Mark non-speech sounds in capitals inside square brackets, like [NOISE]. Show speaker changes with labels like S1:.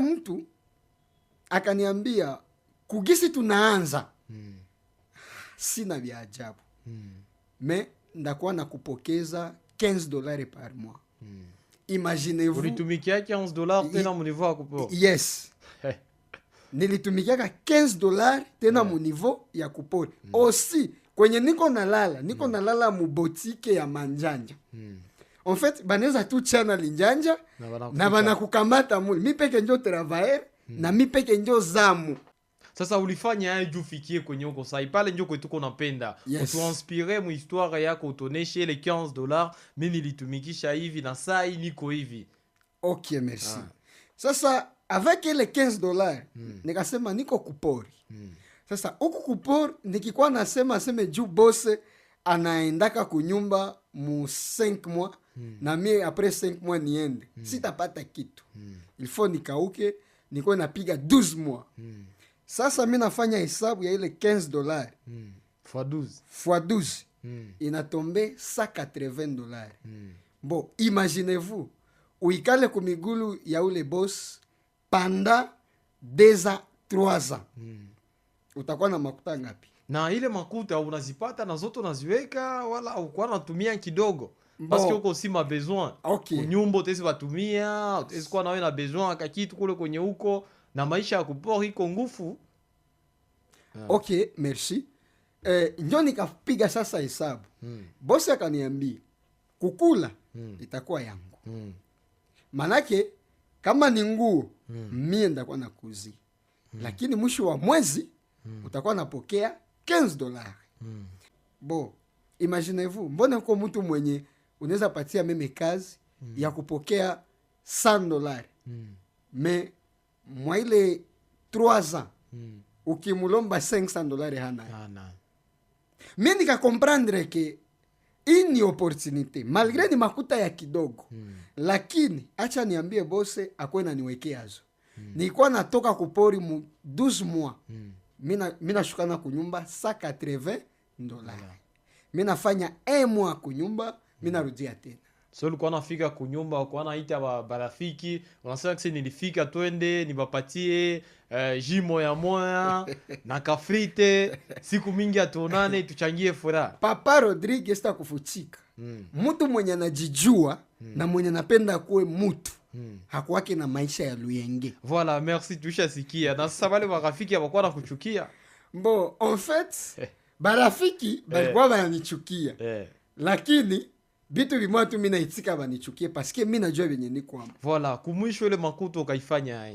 S1: yule mtu akaniambia kugisi tunaanza hmm. Sina vya ajabu hmm. Me ndakuwa na kupokeza 15 dolari par mwa mm.
S2: 15 dolari tena akupo?
S1: Yes nilitumikiaka 15 dolari tena yeah. munivou ya kupori hmm. Osi kwenye niko nalala niko hmm. nalala mubotike ya manjanja hmm en fait banaweza tu chana linjanja na banakukamata muli, mi peke njo travaer hmm. na mi peke njo zamu
S2: sasa ulifanya haya juu fikie kwenye huko sai pale, ndio kwetu napenda yes. Utuinspire mu histoire yako utoneshe ile 15 dollars, mimi nilitumikisha hivi na saa hii niko hivi.
S1: ok merci ah. Sasa avec ile 15 dollars mm. nikasema niko kupori mm. Sasa huku kupori nikikuwa nasema seme juu bose anaendaka kunyumba mu 5 mois Hmm. na mie apres 5 mois niende mm. sitapata kitu mm. ni nikauke nikuwe napiga 12 mois mm. Sasa mi nafanya hesabu ya ile 15 dolari mm. fois 12 fois 12 mm. inatombe 180 dolari mm. Bo, imaginez-vous uikale kumigulu ya ule bos panda deza 3 ans mm. utakuwa na makuta ngapi?
S2: na ile makuta unazipata na zote unaziweka, wala ukuwa natumia kidogo Parce que aussi ma besoin okay. Unyumba utesi watumia ah, ce qu'on a na besoin kakitu kule kwenye huko na maisha ya kupori iko ngufu
S1: yeah. Ok, merci eh, njo nikapiga sasa hesabu hmm. Bosi akaniambia kukula hmm. itakuwa yangu hmm. Manake kama ni nguo hmm. mie ndakuwa na kuzi hmm. Lakini mwisho wa mwezi hmm. utakuwa napokea 15 dolari hmm. Bo, imaginez-vous mbona uko mtu mwenye unaweza patia mimi kazi mm. ya kupokea 100 dolari mm. me mwaile ile mm. ukimulomba 500 dolari hana mi nikakomprendre ke hii ni opportunite malgre mm. ni makuta ya kidogo mm. lakini acha niambie bose akwe naniwekeazo mm. nikuwa natoka kupori mu 12 mois mm. mi nashukana kunyumba 180 dolari mi nafanya 1 mois kunyumba mi narudia tena
S2: so ulikuwa nafika kunyumba ulikuwa naita barafiki unasema kisi nilifika twende nibapatie uh, eh, jimo ya moya [LAUGHS] na kafrite siku mingi atuonane tuchangie furaha
S1: papa rodrigue sitakufuchika mm. mtu mwenye anajijua hmm. na mwenye anapenda kuwe mutu Hmm. hakuwake na maisha ya luyenge
S2: voilà merci tuishasikia na sasa wale barafiki hawakuwa na kuchukia
S1: mbo en fait eh. barafiki balikuwa eh. bananichukia lakini bitu vimwa tu, mi naitsika vanichukie paske mi najua venye nikwama.
S2: Voila, kumwisho ile makuto ukaifanya